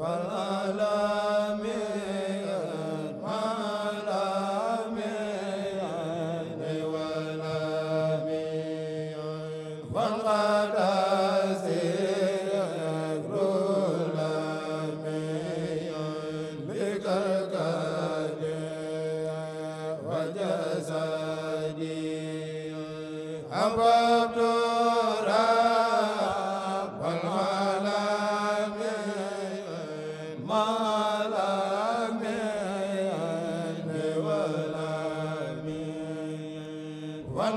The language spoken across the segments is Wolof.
bala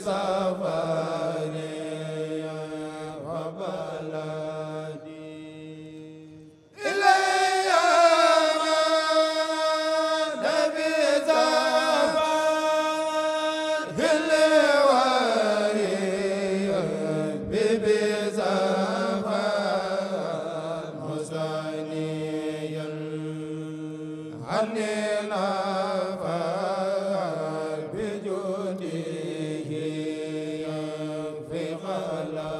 sa la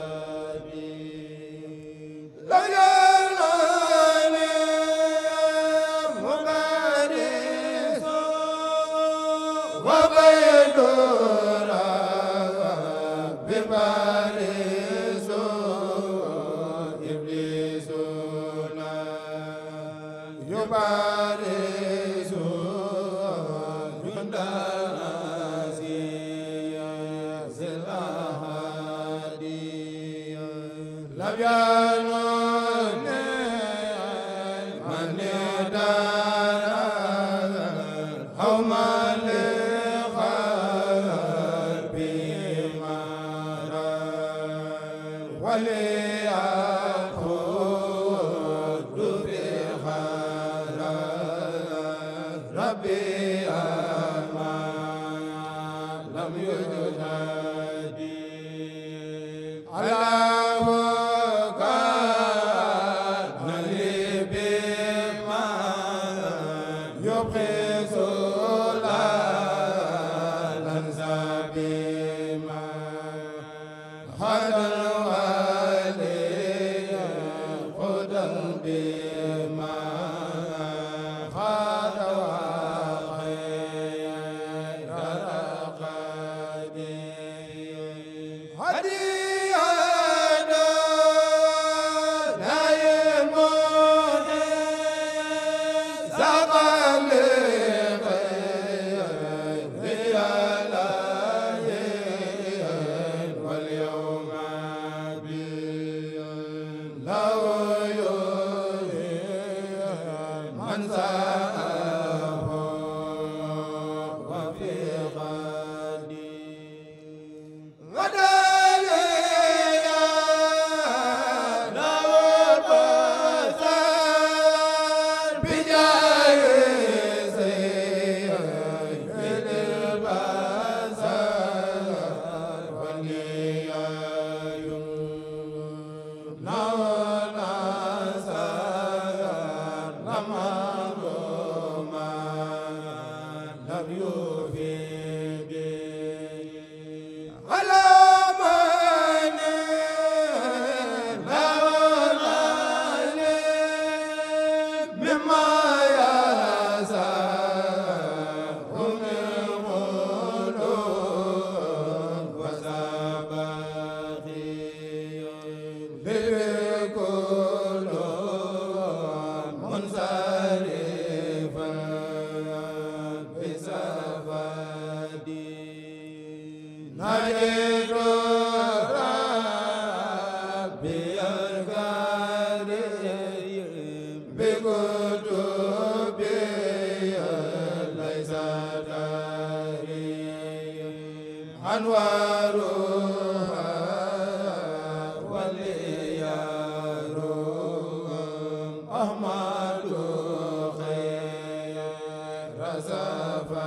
yo preso asafa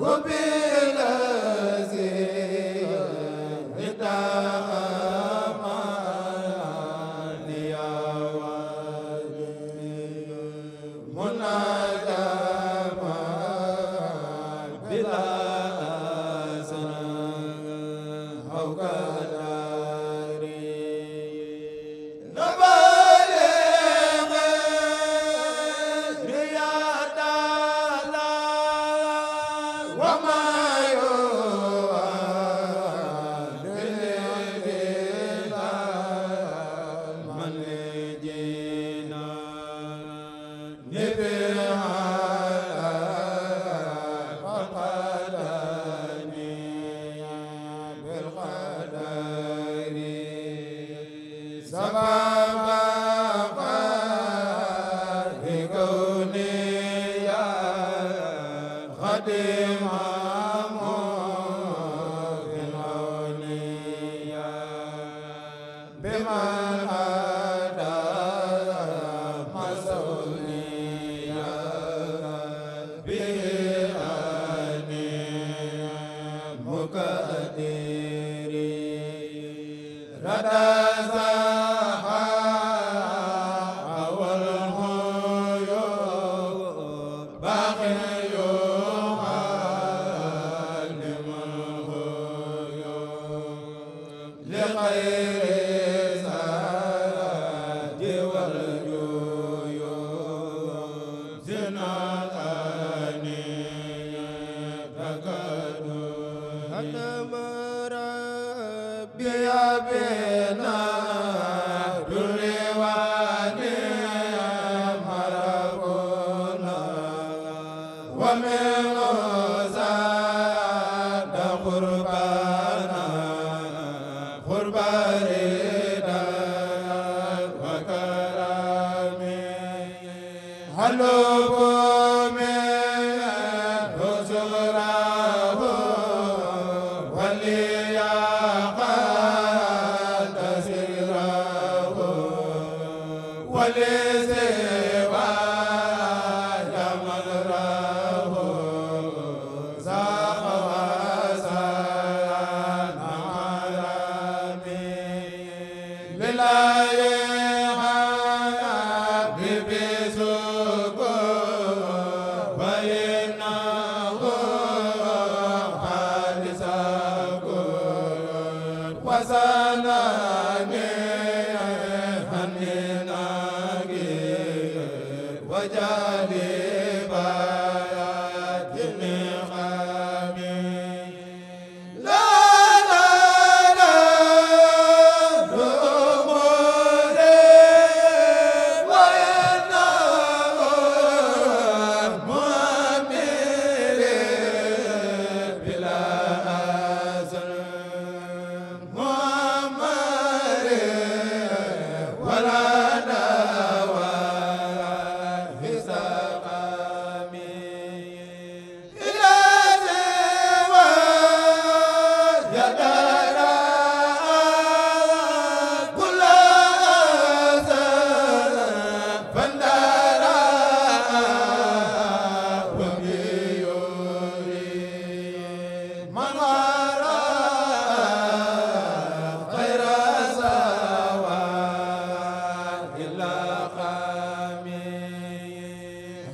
وبالذي ra wasana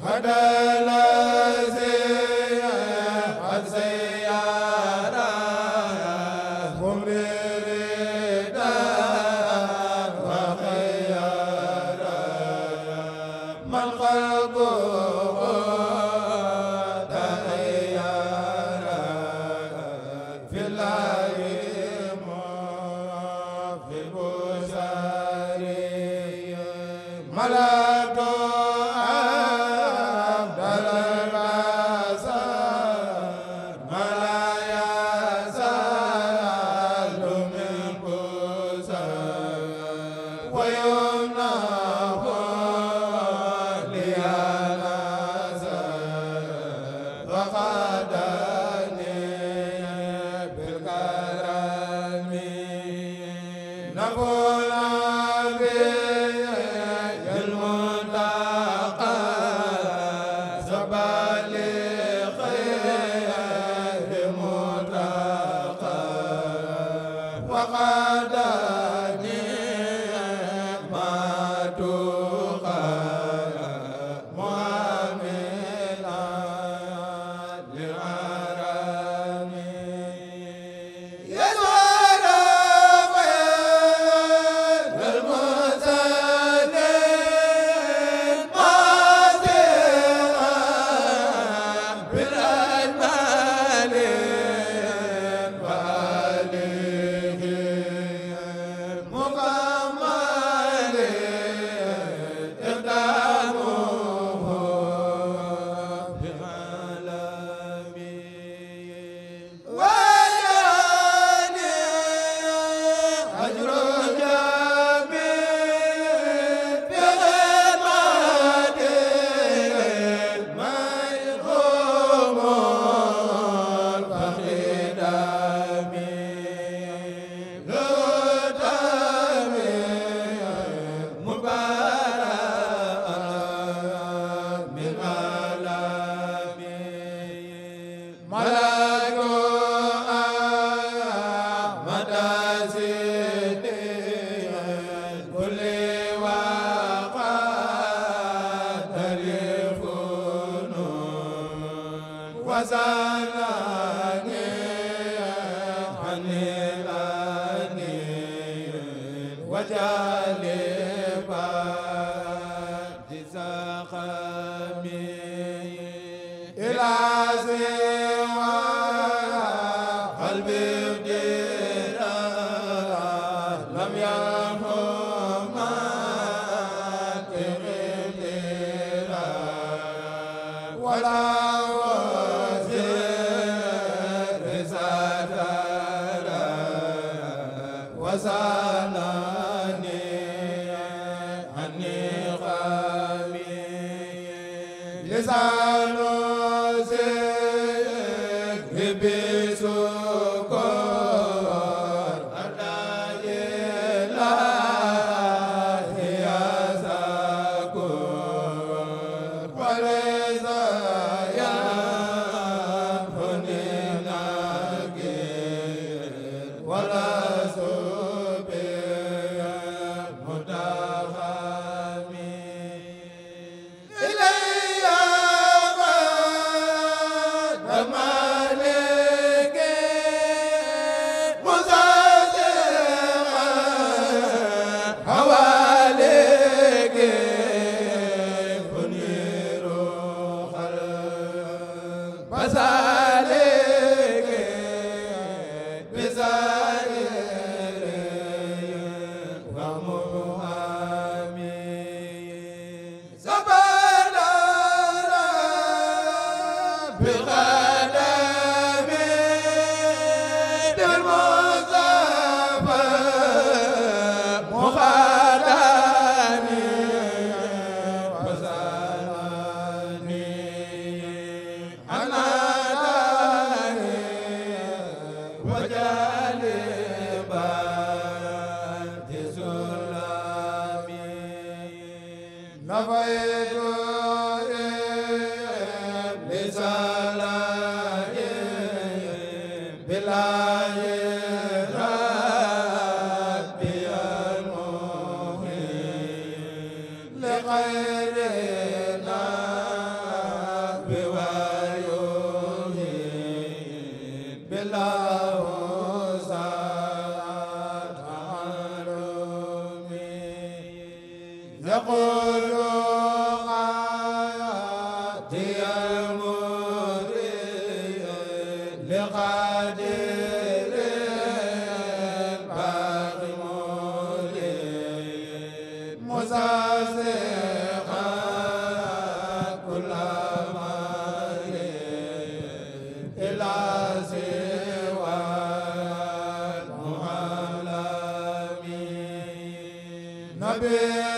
badala وقد bella be